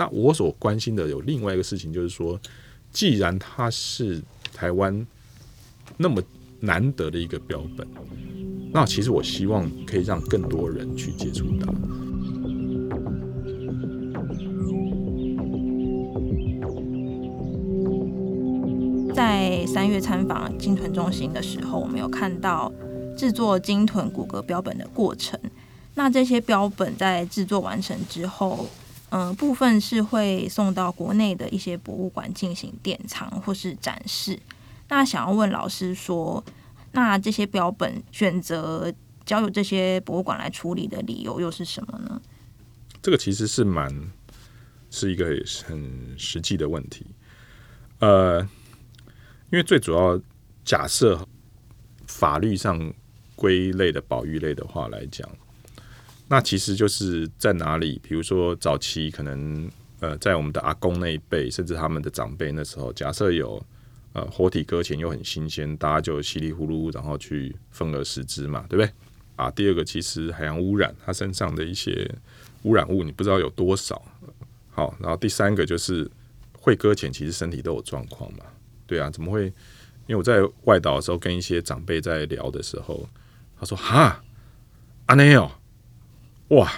那我所關心的有另外一個事情，就是說，既然它是台灣那麼難得的一個標本，那其實我希望可以讓更多人去接觸到。在三月參訪鯨豚中心的時候，我們有看到制作鯨豚骨骼標本的過程。那這些標本在制作完成之後，嗯，部分是會送到國內的一些博物館進行典藏或是展示。那想要問老師說，那這些標本選擇交由這些博物館來處理的理由又是什麼呢？這個其實是蠻是一個很實際的問題。呃，因為最主要是假設法律上歸類的保育類的話來講。那其實就是在哪裡？比如說早期可能呃，在我們的阿公那一輩，甚至他們的長輩那時候，假設有呃活體擱淺又很新鮮，大家就稀里呼嚕然後去分而食之嘛，對不對？啊，第二個其實海洋污染，它身上的一些污染物你不知道有多少。好，然後第三個就是會擱淺，其實身體都有狀況嘛。對啊，怎麼會？因為我在外島的時候跟一些長輩在聊的時候，他說：“哈阿內、啊、哦。”哇，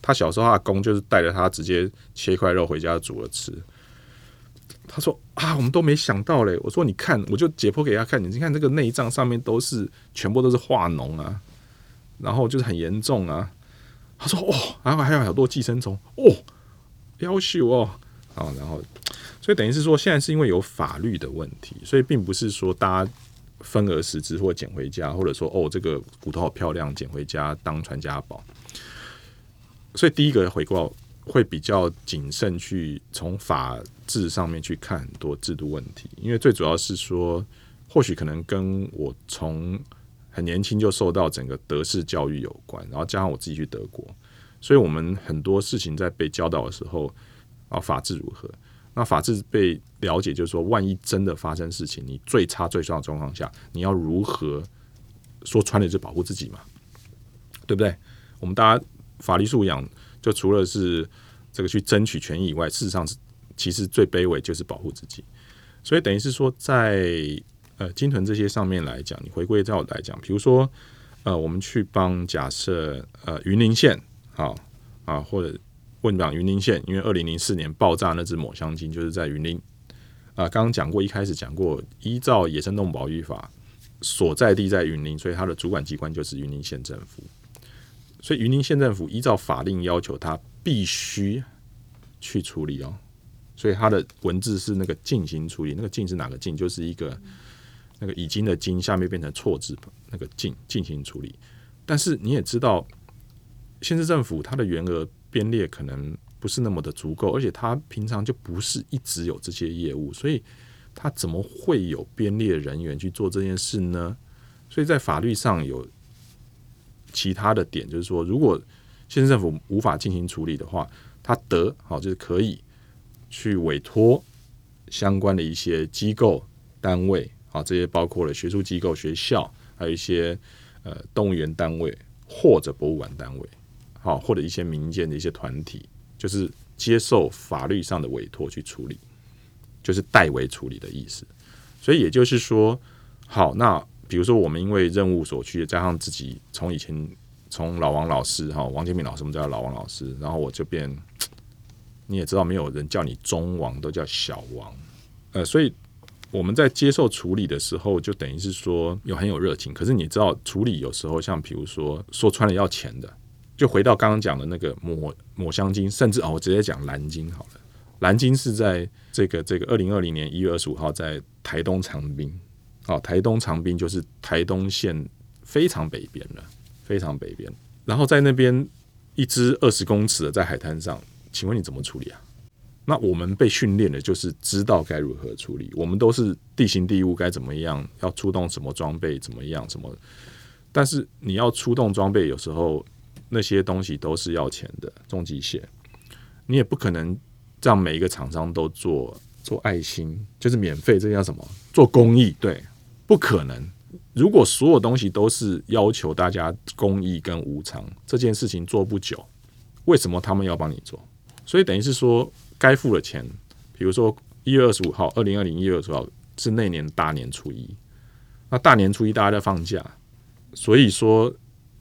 他小時候阿公就是帶着他直接切一塊肉回家煮了吃。他說啊，我們都沒想到嘞。我說你看，我就解剖給他看，你看這個內臟上面都是全部都是化膿啊，然後就是很嚴重啊。他說哦，然後還有好多寄生蟲哦，妖秀哦啊。哦，然後所以等於是說，現在是因為有法律的問題，所以並不是說大家分而食之或撿回家，或者說哦這個骨頭好漂亮，撿回家當傳家寶。.所以第一個回報會比較謹慎，去從法治上面去看很多制度問題，因為最主要是說，或許可能跟我從很年輕就受到整個德式教育有關，然後加上我自己去德國，所以我們很多事情在被教導的時候啊，法治如何？那法治被了解，就是說，萬一真的發生事情，你最差最差的狀況下，你要如何說穿了就保護自己嘛？對不對？我們大家。法律素養，就除了是這個去爭取權益以外，事實上是其實最卑微就是保護自己。所以等於是說在，在呃鯨豚這些上面來講，你回歸到來講，比如說呃我們去幫假設呃雲林縣、哦，啊啊或者問講雲林縣，因為二零零四年爆炸那隻抹香鯨就是在雲林，啊剛剛講過一開始講過，依照野生動物保育法所在地在雲林，所以它的主管機關就是雲林縣政府。所以，雲林縣政府依照法令要求，他必須去處理哦。所以，他的文字是那個“進行處理”，那個“進”是哪個“進”？就是一個那個“已經”的“經”，下面變成錯字，那個“進”進行處理。但是你也知道，縣市政府它的員額編列可能不是那麼的足夠，而且它平常就不是一直有這些業務，所以它怎麼會有編列人員去做這件事呢？所以在法律上有。其他的點就是說，如果縣政府無法進行處理的話，他得好就是可以去委托相關的一些機構單位啊，這些包括了學術機構、學校，還有一些呃動物園單位或者博物館單位，好或者一些民間的一些團體，就是接受法律上的委托去處理，就是代為處理的意思。所以也就是說，好那。比如說，我們因為任務所需，加上自己從以前從老王老師哈，王建明老師我們叫老王老師，然後我就變，你也知道，沒有人叫你中王，都叫小王。呃，所以我們在接受處理的時候，就等於是說有很有熱情。可是你知道，處理有時候像比如說說穿了要錢的，就回到剛剛講的那個抹抹香鯨，甚至啊、哦，我直接講藍鯨好了。藍鯨是在這個這個二零二零年一月二十五號在台東長濱。哦，台東長濱就是台東縣非常北邊的，非常北邊。然後在那邊一隻二十公尺的在海灘上，請問你怎麼處理啊？那我們被訓練的就是知道該如何處理。我們都是地形地物該怎麼樣，要出動什麼裝備怎麼樣，什麼。但是你要出動裝備，有時候那些東西都是要錢的重機械，你也不可能讓每一個廠商都做做愛心，就是免費，這叫什麼？做公益對。不可能！如果所有東西都是要求大家公益跟無償，這件事情做不久，為什麼他們要幫你做？所以等於是說，該付的錢，比如說一月二十五號，二零二零一月二十五號是那年大年初一，那大年初一大家在放假，所以說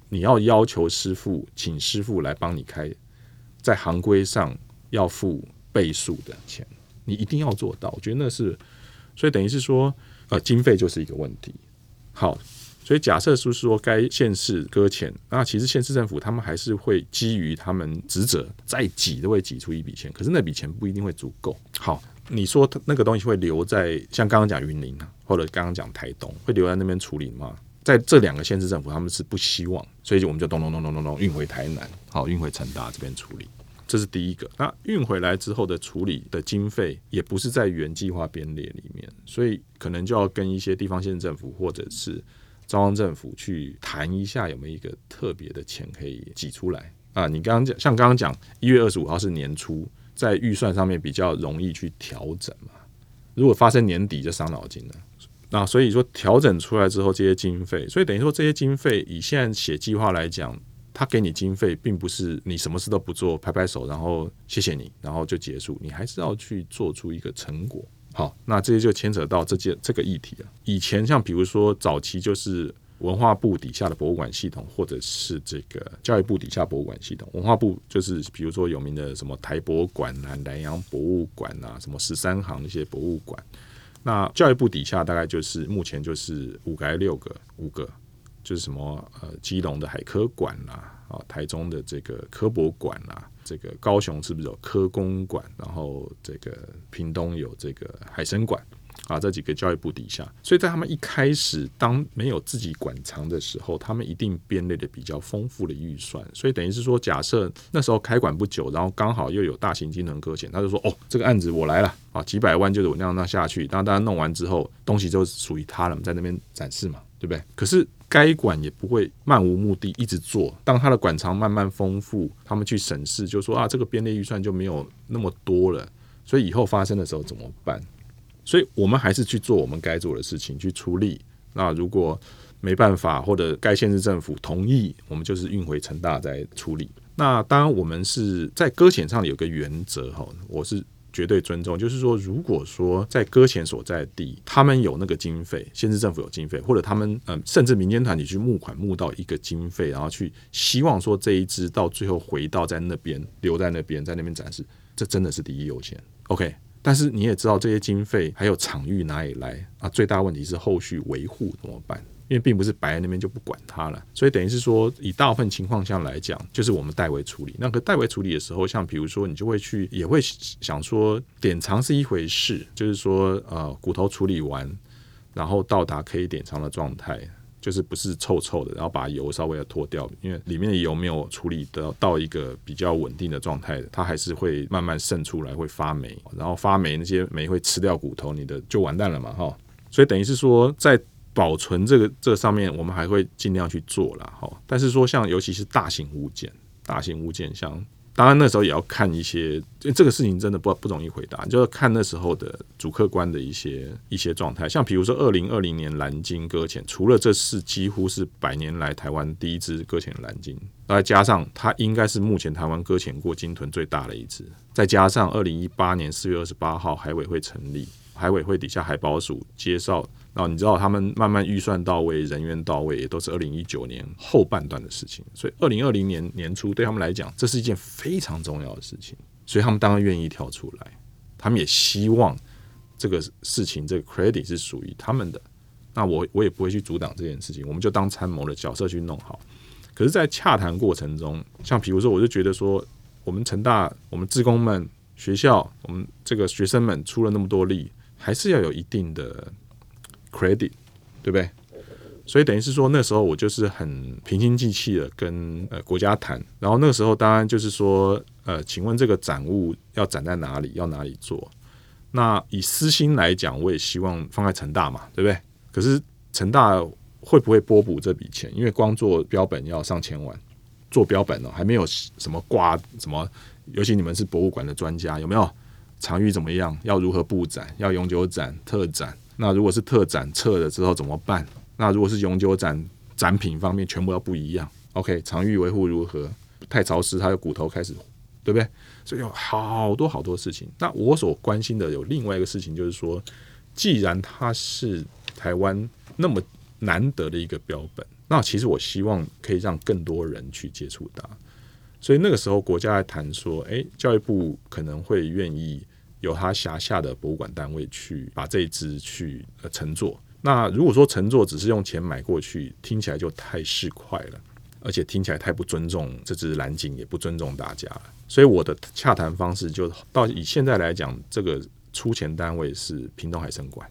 你要要求師傅請師傅來幫你開，在行規上要付倍數的錢，你一定要做到。我覺得那是，所以等於是說。呃，經費就是一個問題。好，所以假設是,是說該縣市擱淺，那其實縣市政府他們還是會基於他們職責再擠都會擠出一筆錢，可是那筆錢不一定會足夠。好，你說那個東西會留在像剛剛講雲林，或者剛剛講台東，會留在那邊處理嗎？在這兩個縣市政府，他們是不希望，所以我們就咚咚咚咚咚咚運回台南，好，運回成大這邊處理。這是第一個，那運回來之後的處理的經費也不是在原計劃編列裡面，所以可能就要跟一些地方縣政府或者是中央政府去談一下，有沒有一個特別的錢可以擠出來啊？你剛剛講，像剛剛講，一月二十五號是年初，在預算上面比較容易去調整嘛，如果發生年底就傷腦筋了。那所以說調整出來之後，這些經費，所以等於說這些經費以現在寫計劃來講。他給你經費，並不是你什麼事都不做，拍拍手，然後謝謝你，然後就結束。你還是要去做出一個成果。好，那這些就牽扯到這件這個議題了。以前像比如說早期就是文化部底下的博物館系統，或者是這個教育部底下博物館系統。文化部就是比如說有名的什麼台博物館、南南洋博物館啊、什麼十三行那些博物館。那教育部底下大概就是目前就是五個還是六個？五個。就是什麼呃，基隆的海科館啦，啊，台中的這個科博館啦、啊，這個高雄是不是有科工館？然後這個屏東有這個海生館啊，這幾個教育部底下。所以在他們一開始當沒有自己館藏的時候，他們一定編列的比較豐富的預算，所以等於是說，假設那時候開館不久，然後剛好又有大型鯨豚擱淺，他就說哦，這個案子我來了啊，幾百萬就是我讓讓下去，然後大家弄完之後，東西就屬於他了，在那邊展示嘛，對不對？可是該館也不會漫無目的一直做。當他的館藏慢慢豐富，他們去審視，就說啊，這個編列預算就沒有那麼多了，所以以後發生的時候怎麼辦？所以我們還是去做我們該做的事情，去處理。那如果沒辦法，或者該縣市政府同意，我們就是運回成大再處理。那當然，我們是在擱淺上有個原則哈，我是。絕對尊重，就是說，如果說在擱淺所在地，他們，有那個經費，縣級政府有經費，或者他們嗯，甚至民間團體去募款募到一個經費，然後去希望說這一支到最後回到，在那邊留在那邊，在那邊展示，這真的是第一優先。OK，但是你也知道這些經費還有場域哪裡來啊？最大問題是後續維護怎麼辦？因為並不是擺在那邊就不管它了，所以等於是說，以大部分情況下來講，就是我們代為處理。那個代為處理的時候，像比如說，你就會去，也會想說，典藏是一回事，就是說，呃，骨頭處理完，然後到達可以典藏的狀態，就是不是臭臭的，然後把油稍微要脫掉，因為裡面的油沒有處理得到一個比較穩定的狀態，它還是會慢慢滲出來，會發霉，然後發霉那些霉會吃掉骨頭，你的就完蛋了嘛，哈。所以等於是說，在保存這個這個上面，我們還會盡量去做啦哈。但是說，像尤其是大型物件，大型物件像，像當然那時候也要看一些，因為這個事情真的不不容易回答，就是看那時候的主客觀的一些一些狀態。像比如說，二零二零年藍鯨擱淺，除了這是幾乎是百年來台灣第一只擱淺的藍鯨，再加上它應該是目前台灣擱淺過鯨豚最大的一只，再加上二零一八年四月二十八號海委會成立，海委會底下海保署介紹。然後你知道他們慢慢預算到位，人員到位，也都是二零一九年後半段的事情。所以二零二零年年初對他們來講，這是一件非常重要的事情。所以他們當然願意跳出來，他們也希望這個事情、這個 credit 是屬於他們的。那我我也不會去阻擋這件事情，我們就當參謀的角色去弄好。可是，在洽談過程中，像比如說，我就覺得說，我們成大、我們志工們、學校、我們這個學生們出了那麼多力，還是要有一定的。credit，對不對？所以等於是說，那時候我就是很平心靜氣的跟呃國家談。然後那個時候當然就是說，呃，請問這個展物要展在哪裡？要哪裡做？那以私心來講，我也希望放在成大嘛，對不對？可是成大會不會撥補這筆錢？因為光做標本要上千萬，做標本呢、哦、還沒有什麼掛什麼。尤其你們是博物館的專家，有沒有場域怎麼樣？要如何布展？要永久展、特展？那如果是特展撤了之後怎麼辦？那如果是永久展，展品方面全部要不一樣，OK？場域維護如何？太潮濕，他的骨頭開始，對不對？所以有好多好多事情。那我所關心的有另外一個事情，就是說，既然它是台灣那麼難得的一個標本，那其實我希望可以讓更多人去接觸它。所以那個時候，國家還談說，哎，教育部可能會願意。由他轄下的博物館單位去把這一只去呃乘坐。那如果說乘坐只是用錢買過去，聽起來就太市儈了，而且聽起來太不尊重這只藍鯨，也不尊重大家。所以我的洽談方式就到以現在來講，這個出錢單位是屏東海生館，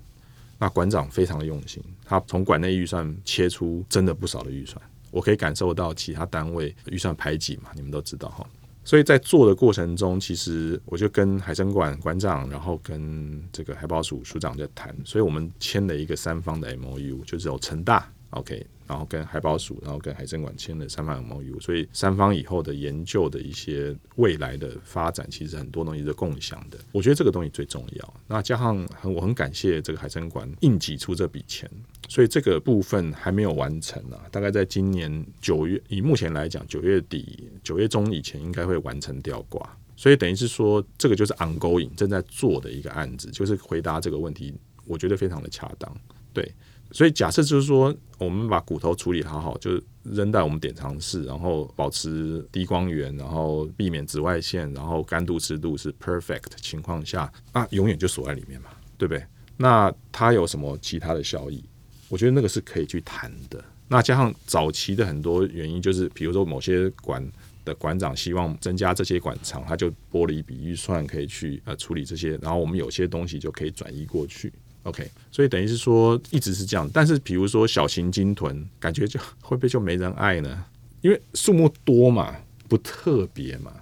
那館長非常的用心，他從館內預算切出真的不少的預算，我可以感受到其他單位預算排擠嘛，你們都知道哈。所以在做的過程中，其實我就跟海生館館長，然後跟這個海保署署長在談，所以我們簽了一個三方的 MOU，就是有成大，OK。然後跟海保署，然後跟海生館簽了三方 MOU，所以三方以後的研究的一些未來的發展，其實很多東西是共享的。我覺得這個東西最重要。那加上很我很感謝這個海生館硬擠出這筆錢，所以這個部分還沒有完成啊。大概在今年九月，以目前來講，九月底、九月中以前應該會完成吊掛。所以等於是說，這個就是 ongoing 正在做的一個案子，就是回答這個問題，我覺得非常的恰當。對。所以假設就是說，我們把骨頭處理好好，就扔在我們典藏室，然後保持低光源，然後避免紫外線，然後乾度濕度是 perfect 情況下，那、啊、永遠就鎖在裡面嘛，對不對？那它有什麼其他的效益？我覺得那個是可以去談的。那加上早期的很多原因，就是比如說某些館的館長希望增加這些館藏，他就撥了一筆預算可以去呃處理這些，然後我們有些東西就可以轉移過去。OK，所以等於是說一直是這樣，但是比如說小型鯨豚，感覺就會不會就沒人愛呢？因為數目多嘛，不特別嘛，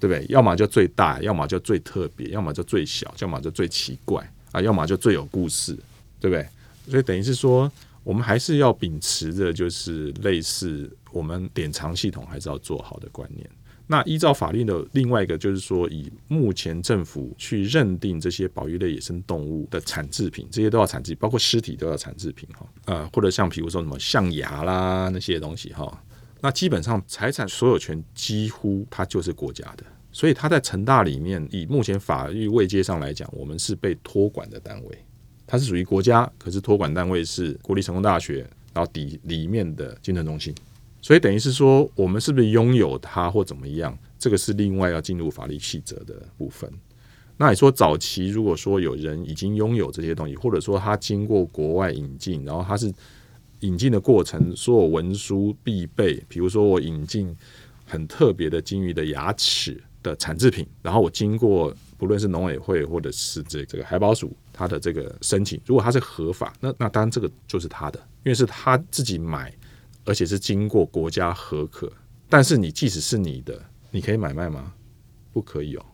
對不對？要麼就最大，要麼就最特別，要麼就最小，要麼就最奇怪啊，要麼就最有故事，對不對？所以等於是說，我們還是要秉持着就是類似我們典藏系統還是要做好的觀念。那依照法律的另外一個就是說，以目前政府去認定這些保育類野生動物的產製品，這些都要產製，包括屍體都要產製品哈，呃，或者像譬如說什麼象牙啦那些東西哈，那基本上財產所有權幾乎它就是國家的，所以它在成大裡面，以目前法律位階上來講，我們是被託管的單位，它是屬於國家，可是託管單位是國立成功大學，然後底裡面的鯨豚中心。所以等於是說，我們是不是擁有它或怎麼樣？這個是另外要進入法律細則的部分。那你說早期如果說有人已經擁有這些東西，或者說他經過國外引進，然後他是引進的過程所有文書必備，比如說我引進很特別的鯨魚的牙齒的產制品，然後我經過不論是農委會或者是這這個海保署，他的這個申請，如果他是合法，那那當然這個就是他的，因為是他自己買。而且是經過國家核可，但是你即使是你的，你可以買賣嗎？不可以哦，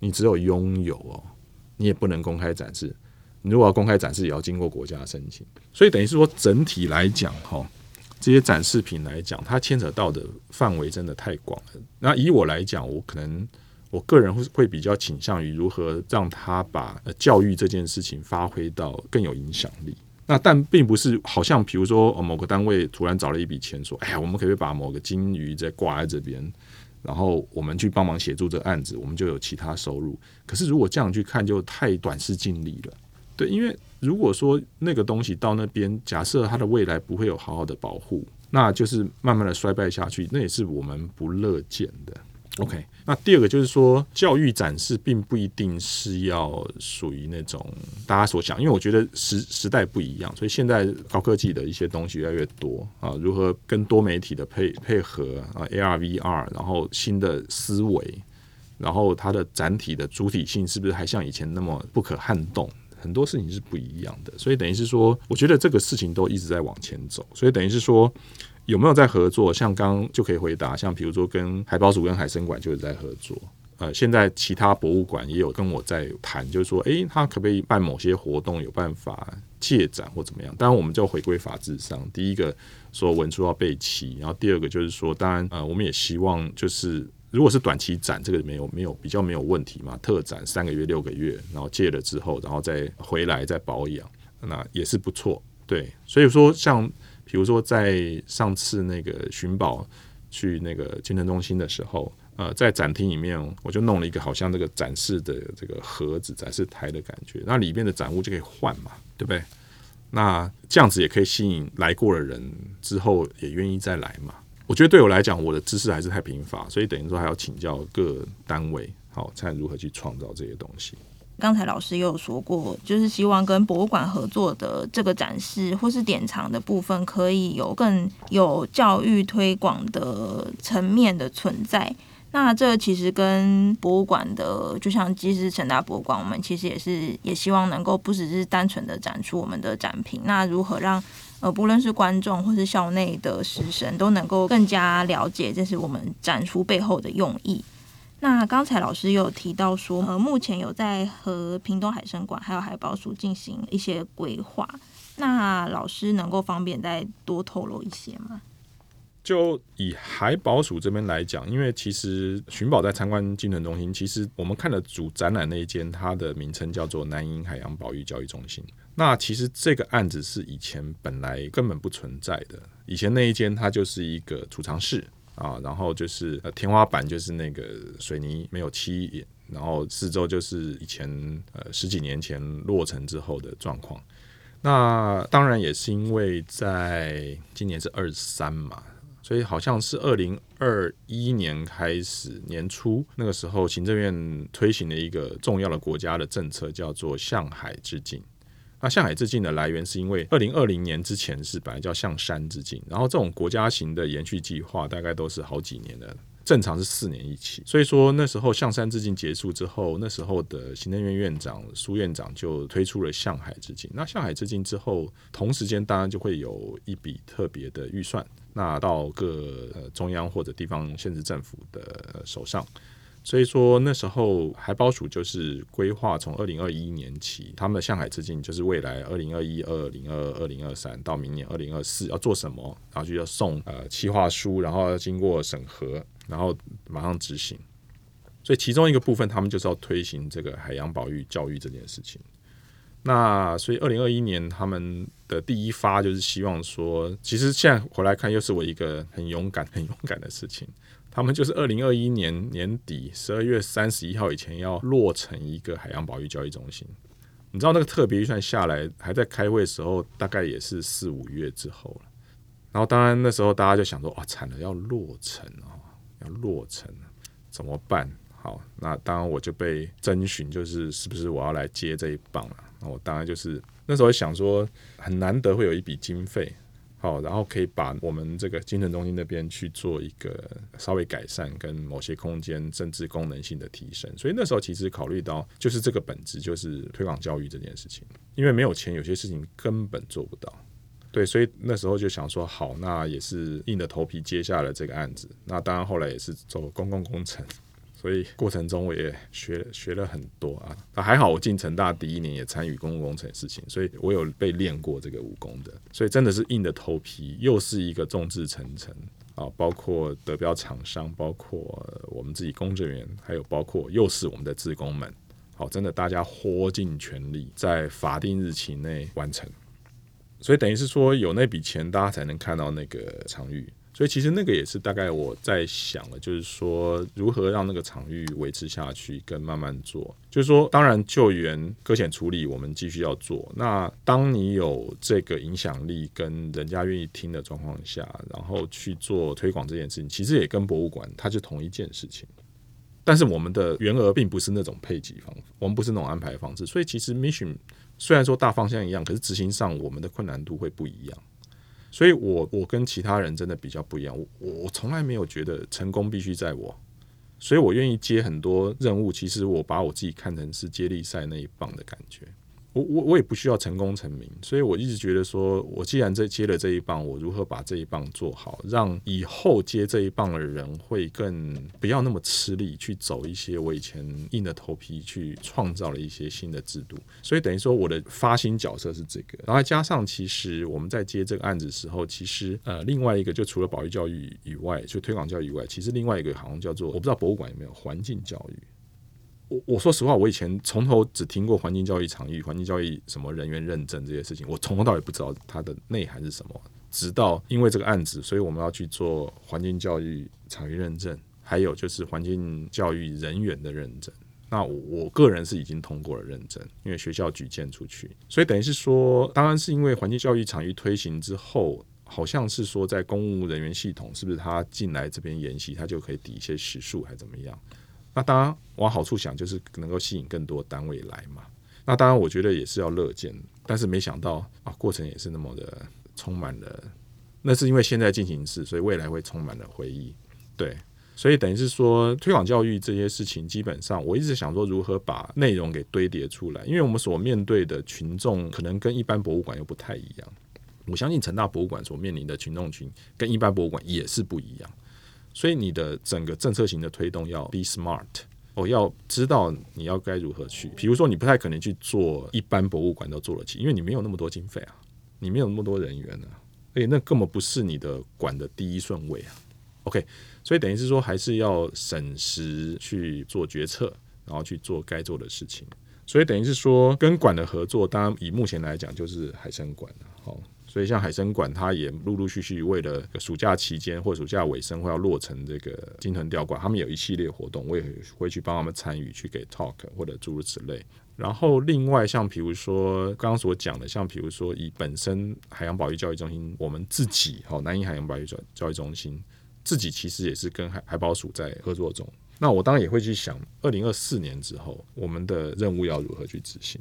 你只有擁有哦，你也不能公開展示。你如果要公開展示，也要經過國家申請。所以等於是說，整體來講哈，這些展示品來講，它牽扯到的範圍真的太廣了。那以我來講，我可能我個人會會比較傾向於如何讓他把教育這件事情發揮到更有影響力。那但並不是，好像比如說某個單位突然找了一筆錢，說：“哎呀，我們可不可以把某個鯨魚再掛在這邊，然後我們去幫忙協助這個案子，我們就有其他收入。”可是如果這樣去看，就太短視近利了。對，因為如果說那個東西到那邊，假設它的未來不會有好好的保護，那就是慢慢的衰敗下去，那也是我們不樂見的。OK。嗯。那第二個就是說，教育展示並不一定是要屬於那種大家所想，因為我覺得時時代不一樣，所以現在高科技的一些東西越來越多啊，如何跟多媒體的配配合啊，AR、VR，然後新的思維，然後它的展體的主體性是不是還像以前那麼不可撼動？很多事情是不一樣的，所以等於是說，我覺得這個事情都一直在往前走。所以等於是說，有沒有在合作？像剛就可以回答，像比如說跟海保署跟海生館就是在合作。呃，現在其他博物館也有跟我在談，就是說，誒、欸，他可不可以辦某些活動？有辦法借展或怎麼樣？當然，我們就回歸法治上，第一個說文書要備齊，然後第二個就是說，當然，呃，我們也希望就是。如果是短期展，這個沒有沒有比較沒有問題嘛，特展三個月、六個月，然後借了之後，然後再回來再保養，那也是不錯。對，所以說像比如說在上次那個尋寶趣那個鯨豚中心的時候，呃，在展廳裡面我就弄了一個好像這個展示的這個盒子展示台的感覺，那裡面的展物就可以換嘛，對不對？那這樣子也可以吸引來過的人之後也願意再來嘛。我覺得對我來講，我的知識還是太貧乏，所以等於說還要請教各單位，好，看如何去創造這些東西。剛才老師也有說過，就是希望跟博物館合作的這個展示或是典藏的部分，可以有更有教育推廣的層面的存在。那這其實跟博物館的，就像其實成大博物館，我們其實也是也希望能夠不只是單純的展出我們的展品，那如何讓？呃，不論是觀眾或是校內的師生，都能夠更加了解這是我們展出背後的用意。那剛才老師有提到說，呃，目前有在和屏東海生館還有海保署進行一些規劃。那老師能夠方便再多透露一些嗎？就以海保署這邊來講，因為其實尋寶在參觀鯨豚中心，其實我們看的主展覽那一間，它的名稱叫做南瀛海洋保育教育中心。那其實這個案子是以前本來根本不存在的。以前那一間它就是一個儲藏室啊，然後就是、呃、天花板就是那個水泥沒有漆，然後四周就是以前呃十幾年前落成之後的狀況。那當然也是因為在今年是二三嘛，所以好像是二零二一年開始年初那個時候，行政院推行了一個重要的國家的政策，叫做向海致敬。那向海致敬的來源是因為二零二零年之前是本來叫向山致敬，然後這種國家型的延續計劃大概都是好幾年的，正常是四年一期，所以說那時候向山致敬結束之後，那時候的行政院院長蘇院長就推出了向海致敬。那向海致敬之後，同時間當然就會有一筆特別的預算，那到各呃中央或者地方縣市政府的手上。所以說那時候海保署就是規劃從二零二一年起，他們的向海致敬就是未來二零二一、二零二二、二零二三到明年二零二四要做什麼，然後就要送呃企劃書，然後要經過審核，然後馬上執行。所以其中一個部分，他們就是要推行這個海洋保育教育這件事情。那所以二零二一年他們的第一發就是希望說，其實現在回來看，又是我一個很勇敢、很勇敢的事情。他們就是二零二一年年底十二月三十一號以前要落成一個海洋保育教育中心，你知道那個特別預算下來還在開會的時候，大概也是四五月之後了。然後當然那時候大家就想說，哦，哇慘了要落成啊，要落成、哦、要落成怎麼辦？好，那當然我就被徵詢，就是是不是我要來接這一棒了啊。我當然就是那時候想說，很難得會有一筆經費。好，然後可以把我們這個精神中心那邊去做一個稍微改善，跟某些空間政治功能性的提升。所以那時候其實考慮到就是這個本質，就是推廣教育這件事情，因為沒有錢，有些事情根本做不到。對，所以那時候就想說，好，那也是硬着頭皮接下了這個案子。那當然後來也是做公共工程。所以過程中我也學了學了很多啊，那還好我進成大第一年也參與公共工程的事情，所以我有被練過這個武功的，所以真的是硬着頭皮，又是一個眾志成城啊，包括得標廠商，包括我們自己工作人員，還有包括又是我們的志工們，好，真的大家豁盡全力在法定日期內完成，所以等於是說有那筆錢，大家才能看到那個場域。所以其實那個也是大概我在想的，就是說如何讓那個場域維持下去，跟慢慢做。就是說，當然救援、擱淺處理，我們繼續要做。那當你有這個影響力跟人家願意聽的狀況下，然後去做推廣這件事情，其實也跟博物館它就同一件事情。但是我們的員額並不是那種配給方法，我們不是那種安排方式。所以其實 mission 雖然說大方向一樣，可是執行上我們的困難度會不一樣。所以我，我我跟其他人真的比較不一樣，我我我從來沒有覺得成功必須在我，所以我願意接很多任務。其實，我把我自己看成是接力賽那一棒的感覺。我我我也不需要成功成名，所以我一直覺得說，我既然在接了這一棒，我如何把這一棒做好，讓以後接這一棒的人會更不要那麼吃力，去走一些我以前硬着頭皮去創造了一些新的制度。所以等於說，我的發心角色是這個。然後加上，其實我們在接這個案子的時候，其實呃，另外一個就除了保育教育以外，就推廣教育以外，其實另外一個好像叫做，我不知道博物館有沒有環境教育。我我說實話，我以前從頭只聽過環境教育場域、環境教育什麼人員認證這些事情，我從頭到尾不知道它的內涵是什麼？直到因為這個案子，所以我們要去做環境教育場域認證，還有就是環境教育人員的認證。那我，我個人是已經通過了認證，因為學校舉薦出去，所以等於是說，當然是因為環境教育場域推行之後，好像是說在公務人員系統，是不是他進來這邊研習，他就可以抵一些時數，還怎麼樣？那當然，往好處想就是能夠吸引更多單位來嘛。那當然，我覺得也是要樂見，但是沒想到啊，過程也是那麼的充滿了。那是因為現在進行式，所以未來會充滿了回憶。對，所以等於是說推廣教育這些事情，基本上我一直想說如何把內容給堆疊出來，因為我們所面對的群眾可能跟一般博物館又不太一樣。我相信成大博物館所面臨的群眾群跟一般博物館也是不一樣。所以你的整個政策型的推動要 be smart，哦，要知道你要該如何去。比如說，你不太可能去做一般博物館都做得起，因為你沒有那麼多經費啊，你沒有那麼多人員啊。而且那根本不是你的館的第一順位啊。OK，所以等於是說還是要審時去做決策，然後去做該做的事情。所以等於是說跟館的合作，當然以目前來講就是海生館了，好、哦。所以，像海生館，它也陸陸續續為了暑假期間或暑假尾聲或要落成這個鯨豚吊掛，他們有一系列活動，我也會去幫他們參與，去給 talk 或者諸如此類。然後，另外像比如說剛剛所講的，像比如說以本身海洋保育教育中心，我們自己好南瀛海洋保育教教育中心自己其實也是跟海海保署在合作中。那我當然也會去想，二零二四年之後我們的任務要如何去執行。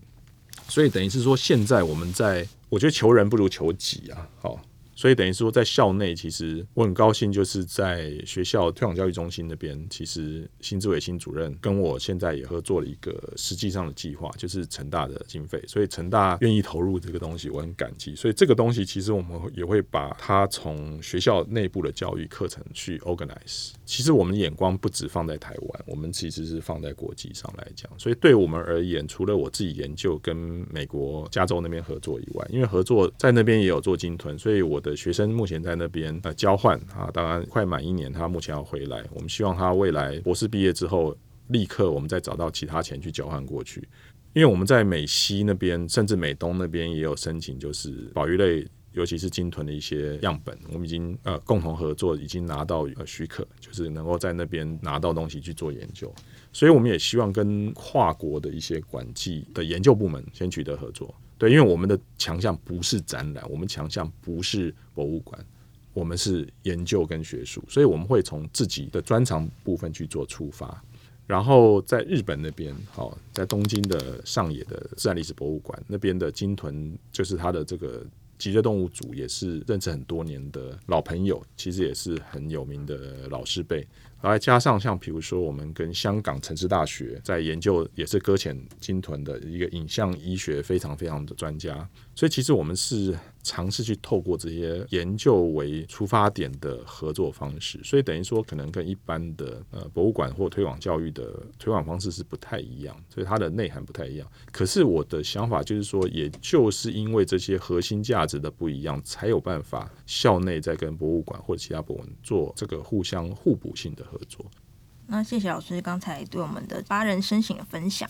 所以，等於是說，現在我們在。我覺得求人不如求己啊！好。所以等於說，在校內其實我很高興，就是在學校推廣教育中心那邊，其實新智偉新主任跟我現在也合作了一個實際上的計劃，就是成大的經費。所以成大願意投入這個東西，我很感激。所以這個東西其實我們也會把它從學校內部的教育課程去 organize。其實我們眼光不止放在台灣，我們其實是放在國際上來講。所以對我們而言，除了我自己研究跟美國加州那邊合作以外，因為合作在那邊也有做鯨豚，所以我的。學生目前在那邊呃交換啊，當然快滿一年，他目前要回來。我們希望他未來博士畢業之後，立刻我們再找到其他錢去交換過去。因為我們在美西那邊，甚至美東那邊也有申請，就是保育類，尤其是鯨豚的一些樣本，我們已經呃共同合作，已經拿到呃許可，就是能夠在那邊拿到東西去做研究。所以我們也希望跟跨國的一些館際的研究部門先取得合作。對，因為我們的強項不是展覽，我們強項不是博物館，我們是研究跟學術，所以我們會從自己的專長部分去做出發。然後在日本那邊，好，在東京的上野的自然歷史博物館那邊的鯨豚，就是他的這個脊椎動物組，也是認識很多年的老朋友，其實也是很有名的老師輩。然後加上像，比如說我們跟香港城市大學在研究，也是擱淺鯨豚的一個影像醫學，非常非常的專家。所以其實我們是嘗試去透過這些研究為出發點的合作方式，所以等於說可能跟一般的呃博物館或推廣教育的推廣方式是不太一樣，所以它的內涵不太一樣。可是我的想法就是說，也就是因為這些核心價值的不一樣，才有辦法校內在跟博物館或者其他部門做這個互相互補性的合作。那謝謝老師剛才對我們的發人深省的分享。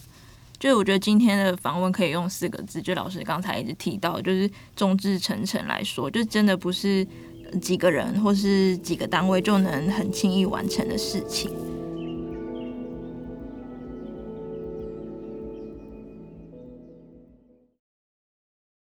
就我覺得今天的訪問可以用四個字，就老師剛才一直提到，就是眾志成城來說，就真的不是幾個人或是幾個單位就能很輕易完成的事情。